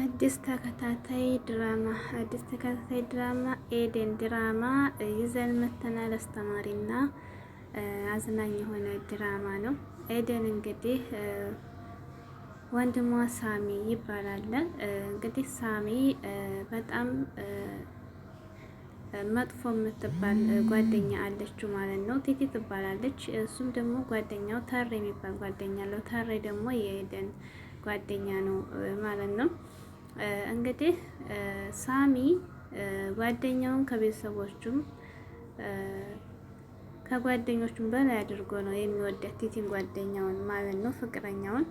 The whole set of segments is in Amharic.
አዲስ ተከታታይ ድራማ አዲስ ተከታታይ ድራማ ኤደን ድራማ ይዘን መተናል። አስተማሪና አዝናኝ የሆነ ድራማ ነው። ኤደን እንግዲህ ወንድሟ ሳሚ ይባላል። እንግዲህ ሳሚ በጣም መጥፎ የምትባል ጓደኛ አለችው ማለት ነው። ቲቲ ትባላለች። እሱም ደግሞ ጓደኛው ታሬ የሚባል ጓደኛ አለው። ታሬ ደግሞ የኤደን ጓደኛ ነው ማለት ነው። እንግዲህ ሳሚ ጓደኛውን ከቤተሰቦቹም ከጓደኞቹም በላይ አድርጎ ነው የሚወዳት ቲቲን ጓደኛውን ማለት ነው ፍቅረኛውን።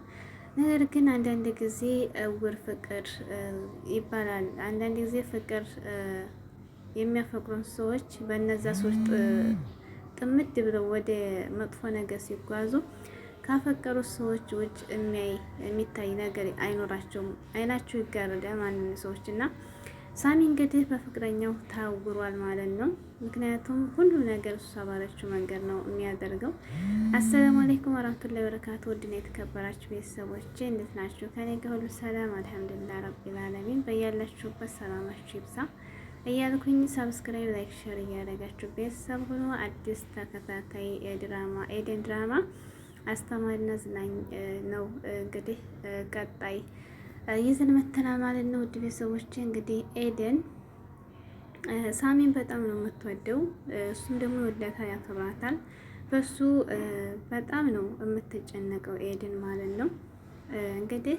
ነገር ግን አንዳንድ ጊዜ እውር ፍቅር ይባላል። አንዳንድ ጊዜ ፍቅር የሚያፈቅሩን ሰዎች በእነዛ ሰዎች ጥምድ ብለው ወደ መጥፎ ነገር ሲጓዙ ካፈቀሩት ሰዎች ውጭ የሚያይ የሚታይ ነገር አይኖራቸውም። አይናቸው ይጋረዳል ማንን ሰዎች እና ሳሚ እንግዲህ በፍቅረኛው ታውሯል ማለት ነው። ምክንያቱም ሁሉም ነገር እሱ ባለችው መንገድ ነው የሚያደርገው። አሰላሙ አለይኩም ወራህመቱላሂ ወበረካቱ። ውድና የተከበራችሁ ቤተሰቦቼ እንዴት ናችሁ? ከኔ ጋር ሁሉ ሰላም አልሐምዱሊላህ ረቢል አለሚን። በያላችሁበት ሰላማችሁ ይብዛ እያልኩኝ ሰብስክራይብ፣ ላይክ፣ ሼር እያደረጋችሁ ቤተሰብ ሁኑ። አዲስ ተከታታይ የድራማ ኤደን ድራማ አስተማሪና ዝናኝ ነው። እንግዲህ ቀጣይ ይዘን መተና ማለት ነው። ውድ ቤተሰቦች እንግዲህ ኤደን ሳሚን በጣም ነው የምትወደው፣ እሱም ደግሞ ይወዳታል፣ ያከብራታል። በሱ በጣም ነው የምትጨነቀው ኤደን ማለት ነው። እንግዲህ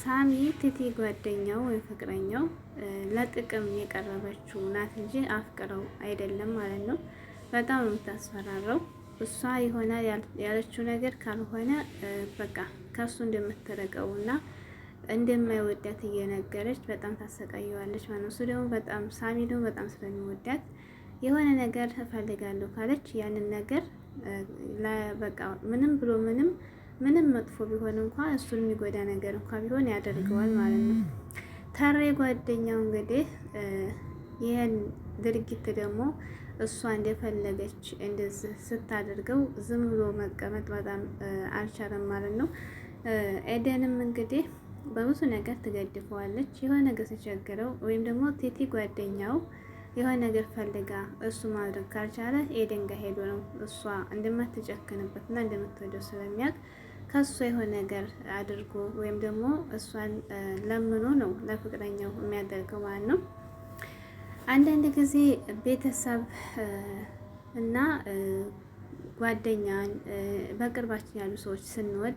ሳሚ ቲቲ ጓደኛው ወይ ፍቅረኛው ለጥቅም የቀረበችው ናት እንጂ አፍቅረው አይደለም ማለት ነው። በጣም ነው የምታስፈራረው። እሷ ይሆናል ያለችው ነገር ካልሆነ በቃ ከሱ እንደምትረቀው እና እንደማይወዳት እየነገረች በጣም ታሰቃየዋለች ማለት ነው። እሱ ደግሞ በጣም ሳሚ ደግሞ በጣም ስለሚወዳት የሆነ ነገር እፈልጋለሁ ካለች ያንን ነገር በቃ ምንም ብሎ ምንም ምንም መጥፎ ቢሆን እንኳ እሱን የሚጎዳ ነገር እንኳ ቢሆን ያደርገዋል ማለት ነው። ተሬ ጓደኛው እንግዲህ ይህን ድርጊት ደግሞ እሷ እንደፈለገች እንደዚህ ስታደርገው ዝም ብሎ መቀመጥ በጣም አልቻለም ማለት ነው። ኤደንም እንግዲህ በብዙ ነገር ትገድፈዋለች። የሆነ ነገር ስቸግረው ወይም ደግሞ ቴቲ ጓደኛው የሆነ ነገር ፈልጋ እሱ ማድረግ ካልቻለ ኤደን ጋር ሄዶ ነው እሷ እንደማትጨክንበትና እንደምትወደው ስለሚያውቅ ከእሷ የሆነ ነገር አድርጎ ወይም ደግሞ እሷን ለምኖ ነው ለፍቅረኛው የሚያደርገው ማለት ነው። አንዳንድ ጊዜ ቤተሰብ እና ጓደኛን በቅርባችን ያሉ ሰዎች ስንወድ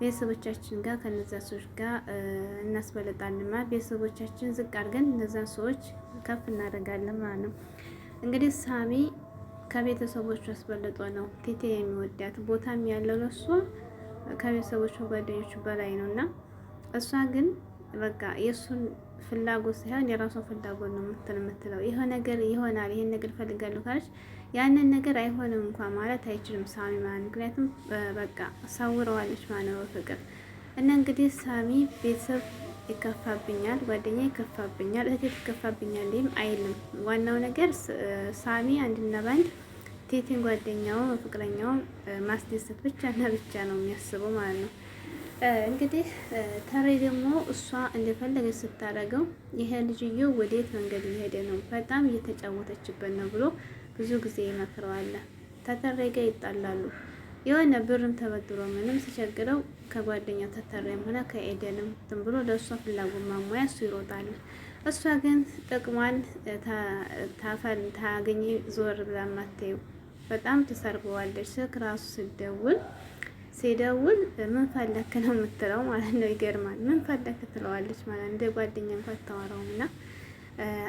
ቤተሰቦቻችን ጋር ከነዛ ሰዎች ጋር እናስበለጣልና ቤተሰቦቻችን ዝቅ አድርገን እነዛን ሰዎች ከፍ እናደርጋለን ማለት ነው። እንግዲህ ሳሚ ከቤተሰቦቹ አስበልጦ ነው ቴቴ የሚወዳት ቦታም ያለው ለእሷ ከቤተሰቦቹ ጓደኞቹ በላይ ነው እና እሷ ግን በቃ የእሱን ፍላጎት ሳይሆን የራሷ ፍላጎት ነው ምትል የምትለው ይህ ነገር ይሆናል፣ ይህን ነገር ፈልጋለሁ ካለች ያንን ነገር አይሆንም እንኳ ማለት አይችልም ሳሚ ማለት ምክንያቱም በቃ ሳውረዋለች ማለት ነው በፍቅር እና እንግዲህ ሳሚ ቤተሰብ ይከፋብኛል፣ ጓደኛ ይከፋብኛል፣ እህቴ ትከፋብኛል ይም አይልም። ዋናው ነገር ሳሚ አንድና ባንድ ቴቴን ጓደኛውን ፍቅረኛውን ማስደሰት ብቻና ብቻ ነው የሚያስበው ማለት ነው። እንግዲህ ተሬ ደግሞ እሷ እንደፈለገች ስታደርገው ይሄ ልጅዮ ወዴት መንገድ እየሄደ ነው፣ በጣም እየተጫወተችበት ነው ብሎ ብዙ ጊዜ ይመክረዋል። ተተሬ ጋር ይጣላሉ። የሆነ ብርም ተበድሮ ምንም ሲቸግረው ከጓደኛው ተተሬም ሆነ ከኤደንም ዝም ብሎ ለእሷ ፍላጎት ማሟያ እሱ ይሮጣል። እሷ ግን ጥቅሟን ታፈን ታገኘ ዞር ብላ ማታየው፣ በጣም ትሰርበዋለች። ስልክ ራሱ ስደውል ሲደውል ምን ፈለክ ነው የምትለው ማለት ነው። ይገርማል። ምን ፈለክ ትለዋለች ማለት እንደ ጓደኛ እንኳን አታወራውም። እና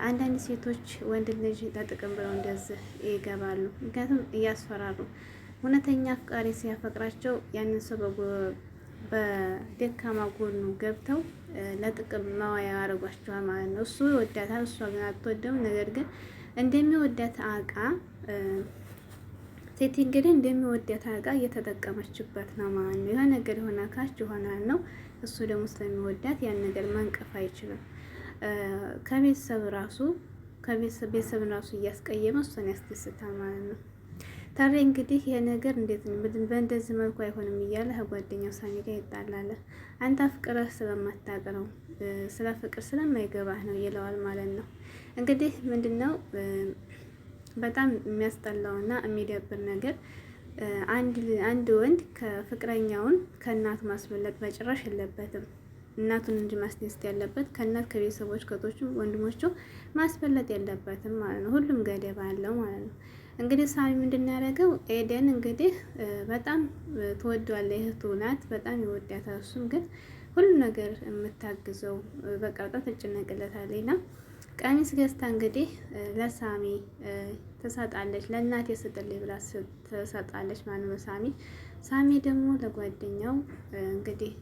አንዳንድ ሴቶች ወንድ ልጅ ለጥቅም ብለው እንደዚህ ይገባሉ። ምክንያቱም እያስፈራሩ እውነተኛ አፍቃሪ ሲያፈቅራቸው ያንን ሰው በደካማ ጎኑ ገብተው ለጥቅም መዋያ ያደርጓቸዋል ማለት ነው። እሱ ይወዳታል፣ እሷ ግን አትወደውም። ነገር ግን እንደሚወዳት አቃ ቴቲ እንግዲህ እንደሚወዳት አውቃ እየተጠቀመችበት ነው ማለት ነው። የሆነ ነገር የሆነ ካች ይሆናል ነው እሱ ደግሞ ስለሚወዳት ያን ነገር ማንቀፍ አይችልም። ከቤተሰብ ራሱ ከቤተሰብ ራሱ እያስቀየመ እሷን ያስደስታ ማለት ነው። ታዲያ እንግዲህ ይሄ ነገር እንዴት በእንደዚህ መልኩ አይሆንም እያለ ከጓደኛው ሳሚ ጋር ይጣላል። አንተ ፍቅርህ ስለማታውቅ ነው ስለ ፍቅር ስለማይገባህ ነው ይለዋል ማለት ነው። እንግዲህ ምንድነው በጣም የሚያስጠላውና የሚደብር ነገር አንድ ወንድ ከፍቅረኛውን ከእናቱ ማስበለጥ በጭራሽ የለበትም። እናቱን እንጂ ማስደሰት ያለበት ከእናት ከቤተሰቦች ከቶቹ ወንድሞቹ ማስበለጥ የለበትም ማለት ነው። ሁሉም ገደብ አለው ማለት ነው። እንግዲህ ሳሚ ምንድን ያደረገው ኤደን እንግዲህ በጣም ትወዷለ እህቱ ናት፣ በጣም ይወዳታል። እሱም ግን ሁሉ ነገር የምታግዘው በቃ በጣም ትጨነቅለታለች ና ቀሚስ ገዝታ እንግዲህ ለሳሚ ትሰጣለች። ለእናቴ ስጥልኝ ብላ ትሰጣለች ማለት ነው። ሳሚ ሳሚ ደግሞ ለጓደኛው እንግዲህ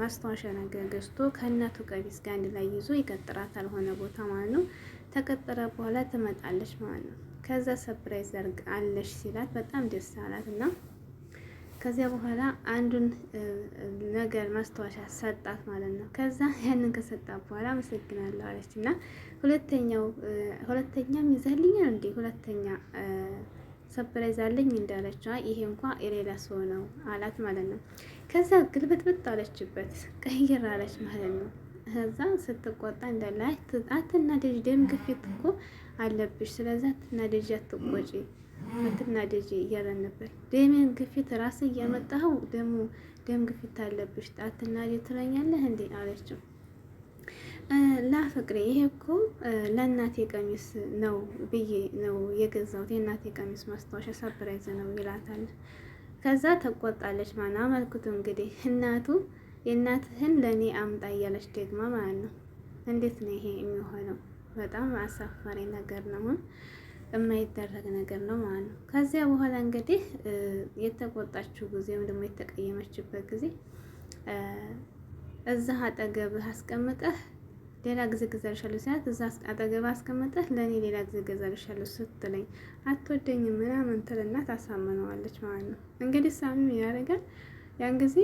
ማስታወሻ ነገር ገዝቶ ከእናቱ ቀሚስ ጋር አንድ ላይ ይዞ ይቀጥራታል፣ ሆነ ቦታ ማለት ነው። ተቀጠረ በኋላ ትመጣለች ማለት ነው። ከዛ ሰፕራይዝ አለሽ ሲላት በጣም ደስ አላት እና ከዚያ በኋላ አንዱን ነገር ማስታወሻ ሰጣት ማለት ነው። ከዛ ያንን ከሰጣት በኋላ አመሰግናለሁ አለች እና ሁለተኛው ሁለተኛ ይዛልኛል እንዴ ሁለተኛ ሰፕራይዝ አለኝ እንዳለች ይሄ እንኳ የሌላ ሰው ነው አላት ማለት ነው። ከዛ ግልብጥብጥ አለችበት ቀይር አለች ማለት ነው። ከዛ ስትቆጣ እንዳለ አትናደጅ፣ ደም ግፊት እኮ አለብሽ፣ ስለዚህ አትናደጅ፣ አትቆጪ ደጂ እያለን ነበር። ደሜን ግፊት ራስ እያመጣኸው ደሞ ደም ግፊት አለብሽ አትናደጂ ትለኛለህ እንዴ አለችው። ላፍቅሬ ይሄ እኮ ለእናቴ ቀሚስ ነው ብዬ ነው የገዛሁት የእናቴ ቀሚስ ማስታወሻ ሳፕራይዝ ነው ይላታል። ከዛ ተቆጣለች። ማና መልክቱ እንግዲህ እናቱ የእናትህን ለእኔ አምጣ እያለች ደግማ ማለት ነው። እንዴት ነው ይሄ የሚሆነው? በጣም አሳፋሪ ነገር ነው። የማይደረግ ነገር ነው ማለት ነው። ከዚያ በኋላ እንግዲህ የተቆጣችው ጊዜ ወይም ደግሞ የተቀየመችበት ጊዜ እዛ አጠገብህ አስቀምጠህ ሌላ ጊዜ ገዛልሻለሁ ሲያት እዛ አጠገብ አስቀምጠህ ለእኔ ሌላ ጊዜ ገዛልሻለሁ ስትለኝ አትወደኝም ምናምን ትልና ታሳምነዋለች ማለት ነው። እንግዲህ ሳሚም ያደርጋል ያን ጊዜ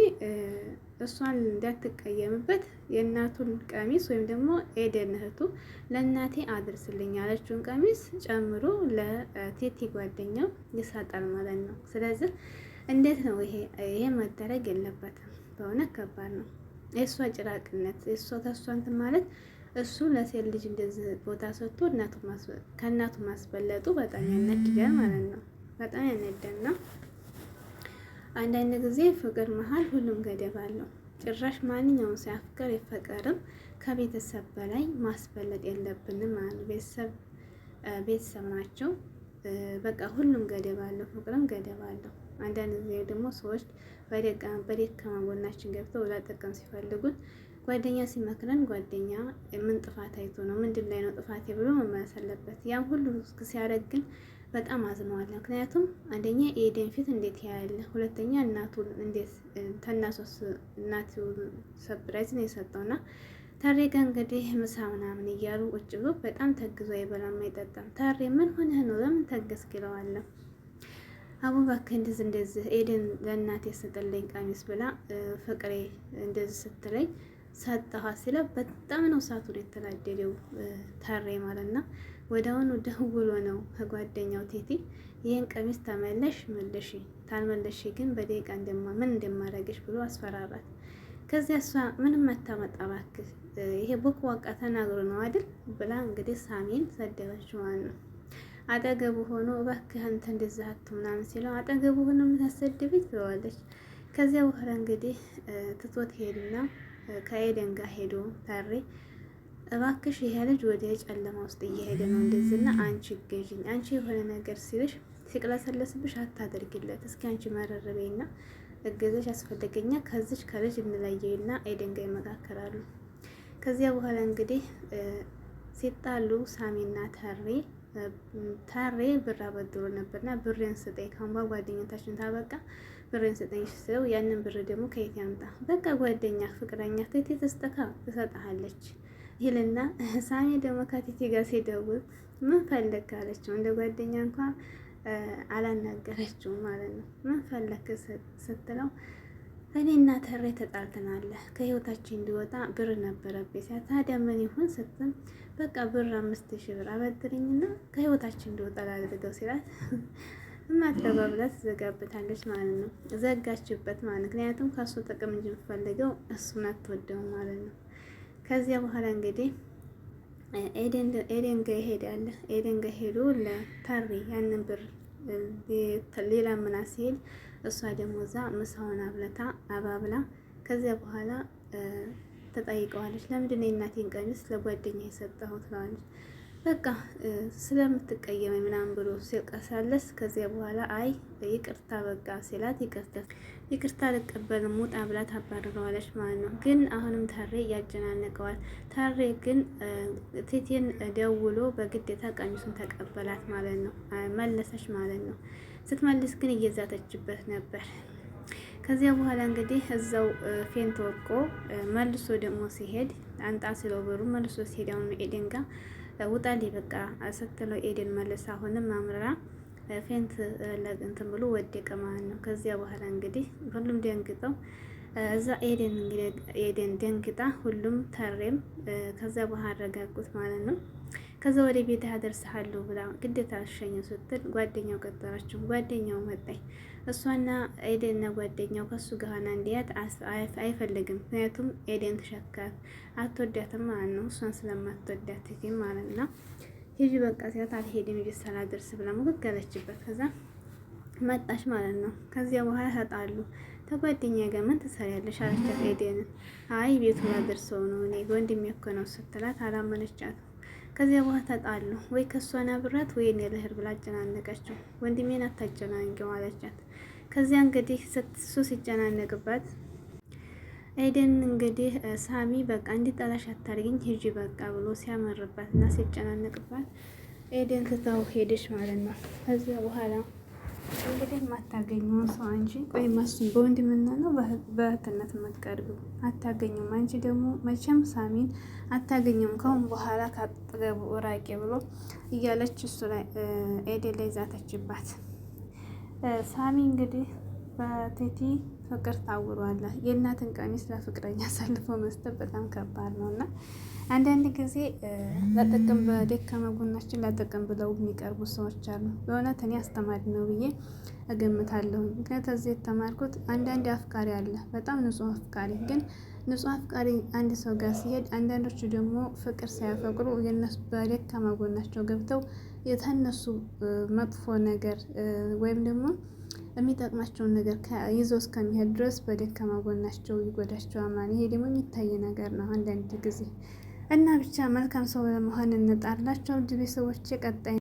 እሷን እንዳትቀየምበት የእናቱን ቀሚስ ወይም ደግሞ ኤደን እህቱ ለእናቴ አድርስልኝ ያለችውን ቀሚስ ጨምሮ ለቴቲ ጓደኛው ይሰጣል ማለት ነው። ስለዚህ እንዴት ነው ይሄ? ይሄ መደረግ የለበትም። በሆነ ከባድ ነው። የእሷ ጭራቅነት የእሷ ተሷንት ማለት እሱ ለሴት ልጅ እንደዚህ ቦታ ሰጥቶ ከእናቱ ማስበለጡ በጣም ያነድደ ማለት ነው። በጣም ያነዳል ነው አንዳንድ ጊዜ ፍቅር መሀል ሁሉም ገደብ አለው። ጭራሽ ማንኛውም ሲያፍቅር ይፈቀርም ከቤተሰብ በላይ ማስበለጥ የለብንም አሉ ቤተሰብ ናቸው። በቃ ሁሉም ገደብ አለው፣ ፍቅርም ገደብ አለው። አንዳንድ ጊዜ ደግሞ ሰዎች በደካማ ጎናችን ገብተው ለጥቅም ሲፈልጉት ጓደኛ ሲመክረን ጓደኛ ምን ጥፋት አይቶ ነው ምንድን ላይ ነው ጥፋቴ ብሎ መመለስ አለበት። ያም ሁሉ ሲያደርግ ግን በጣም አዝነዋለሁ። ምክንያቱም አንደኛ የኤደን ፊት እንዴት ያያለ፣ ሁለተኛ እናቱ እንዴት ተናሶስ እናቱ ሰብራይዝ ነው የሰጠውና ታሬጋ እንግዲህ ምሳ ምናምን እያሉ ቁጭ ብሎ በጣም ተግዞ አይበላም አይጠጣም። ታሬ ምን ሆነህ ነው ለምን ተገዝክ ይለዋለሁ። አቡባክ እንደዚህ እንደዚህ ኤደን ለእናቴ ስጥልኝ ቀሚስ ብላ ፍቅሬ እንደዚህ ስትለኝ ሰጠኋት ሲለ በጣም ነው ሳቱር የተናደደው ተሬ ማለት ነው። ወዲያውኑ ደውሎ ነው ከጓደኛው ቴቴ ይህን ቀሚስ ተመለሽ መለሽ፣ ታልመለሽ ግን በደቂቃ እንደማ ምን እንደማረግሽ ብሎ አስፈራራት። ከዚያ እሷ ምንም መታመጣ እባክህ፣ ይሄ ቦቅቧቃ ተናግሮ ነው አይደል ብላ እንግዲህ ሳሚን ሰደበችው ማለት ነው። አጠገቡ ሆኖ እባክህ አንተ እንደዛ ምናምን ሲለው አጠገቡ ሆኖ የምታሰድብኝ ትለዋለች። ከዚያ በኋላ እንግዲህ ትቶት ሄድና ከኤደን ጋር ሄዶ ታሬ እባክሽ ይሄ ልጅ ወደ ጨለማ ውስጥ እየሄደ ነው እንደዚህና አንቺ ገዥኝ አንቺ የሆነ ነገር ሲልሽ ሲቅለሰለስብሽ አታደርግለት እስኪ አንቺ መረረቤና እገዘሽ ያስፈልገኛ ከዚች ከልጅ እንለየውና ኤደን ጋር ይመካከራሉ። ከዚያ በኋላ እንግዲህ ሲጣሉ ሳሚና ታሬ ታሬ ብር አበድሮ ነበርና ብሬን ስጠይ ካምባ ጓደኝነታችን ታበቃ ብርን ስጠኝ ስለው ያንን ብር ደግሞ ከየት ያምጣ? በቃ ጓደኛ፣ ፍቅረኛ ቴቴ ተስተካ ትሰጠሃለች ይልና ሳሚ ደግሞ ከቴቴ ጋር ሲደውል ምን ፈለግ አለችው። እንደ ጓደኛ እንኳ አላናገረችውም ማለት ነው። ምን ፈለግ ስትለው እኔና ተሬ ተጣልተናል፣ ከህይወታችን እንዲወጣ ብር ነበረብኝ ሲያት፣ ታዲያ ምን ይሁን ስትል በቃ ብር አምስት ሺህ ብር አበድርኝና ከህይወታችን እንዲወጣ ላድርገው ሲላት የማትረባ ብላ ትዘጋበታለች ማለት ነው። ዘጋችበት ማለት ምክንያቱም ከእሱ ጥቅም እንጂ የምትፈልገው እሱን አትወደው ማለት ነው። ከዚያ በኋላ እንግዲህ ኤደን ጋ ይሄዳል። ኤደን ጋ ሄዱ ለተሪ ያንን ብር ሌላ ምና ሲሄድ እሷ ደግሞ እዛ ምሳውን አብለታ አባብላ ከዚያ በኋላ ተጠይቀዋለች። ለምንድን ነው የእናቴን ቀሚስ ለጓደኛ የሰጠሁት ትለዋለች። በቃ ስለምትቀየመ ምናምን ብሎ ሲቀሳለስ፣ ከዚያ በኋላ አይ ይቅርታ በቃ ሲላት ይቅርታ ልቀበልም ሙጣ ብላ ታባርረዋለች ማለት ነው። ግን አሁንም ታሬ ያጨናነቀዋል። ታሬ ግን ቴቴን ደውሎ በግዴታ ቀሚሱን ተቀበላት ማለት ነው። መለሰች ማለት ነው። ስትመልስ ግን እየዛተችበት ነበር። ከዚያ በኋላ እንግዲህ እዛው ፌንት ወርቆ መልሶ ደግሞ ሲሄድ አንጣ ስለው መልሶ ሲሄድ አሁን ኤደን ጋ ውጣሌ በቃ ስትለው ኤደን መልስ አሁንም አምርራ ፌንት እንትን ብሎ ወደቀ ማለት ነው። ከዚያ በኋላ እንግዲህ ሁሉም ደንግጠው እዛ ኤደን እንግዲህ ኤደን ደንግጣ ሁሉም ተሬም ከዛ በኋላ አረጋጉት ማለት ነው። ከዛ ወደ ቤት አደርስሃለሁ ብላ ግዴታ አሸኝ ስትል ጓደኛው ቀጠራችሁ። ጓደኛው መጣኝ። እሷና ኤደንና ጓደኛው ከሱ ጋር እንዲያት አይፈልግም። ምክንያቱም ኤደን ተሸካት አትወዳትም ማለት ነው። እሷን ስለማትወዳት ግን ማለት ነው። ሂጂ በቃ ሲያት አልሄድም ቤት ሳላደርስ ብላ ሙግግ ከዛ መጣች ማለት ነው። ከዚያ በኋላ ተጣሉ። ተጓደኛ ጋር ምን ትሰሪያለሽ አለቻት ኤደንን። አይ ቤቱ ላደርሰው ነው እኔ ወንድሜ እኮ ነው ስትላት አላመነቻትም። ከዚያ በኋላ ተጣሉ። ወይ ከእሷ ብረት ወይ እኔ ልሂድ ብላ አጨናነቀችው። ወንድሜን አታጨናንቂው አለቻት። ከዚያ እንግዲህ እሱ ሲጨናነቅባት ኤደን እንግዲህ ሳሚ በቃ እንዲጠላሽ አታርግኝ ሂጂ በቃ ብሎ ሲያመርባት እና ሲጨናነቅባት ኤደን ትታው ሄደች ማለት ነው። ከዚያ በኋላ እንግዲህ የማታገኘው ሰው አንቺ ቆይ ማሱን በወንድምና ነው በእህትነት የምትቀርቢው አታገኘውም። አንቺ ደግሞ መቼም ሳሚን አታገኘውም ከአሁን በኋላ ካጠገቡ ራቂ ብሎ እያለች እሱ ላይ ኤዴ ላይ ዛተችባት። ሳሚ እንግዲህ በቴቲ ፍቅር ታውሯል። የእናትን ቀሚስ ለፍቅረኛ አሳልፎ መስጠት በጣም ከባድ ነው እና አንዳንድ ጊዜ ለጥቅም በደካማ ጎናችን ለጥቅም ብለው የሚቀርቡ ሰዎች አሉ። በእውነት እኔ አስተማሪ ነው ብዬ እገምታለሁ። ምክንያት እዚህ የተማርኩት አንዳንድ አፍቃሪ አለ፣ በጣም ንጹህ አፍቃሪ። ግን ንጹህ አፍቃሪ አንድ ሰው ጋር ሲሄድ፣ አንዳንዶቹ ደግሞ ፍቅር ሳያፈቅሩ የነሱ በደካማ ጎናቸው ገብተው የተነሱ መጥፎ ነገር ወይም ደግሞ የሚጠቅማቸውን ነገር ይዘው እስከሚሄድ ድረስ በደካማ ጎናቸው ይጎዳቸዋል። ይሄ ደግሞ የሚታይ ነገር ነው አንዳንድ ጊዜ እና ብቻ መልካም ሰው ለመሆን እንጣርላቸው። ውድ ቤተሰቦቼ ቀጣይ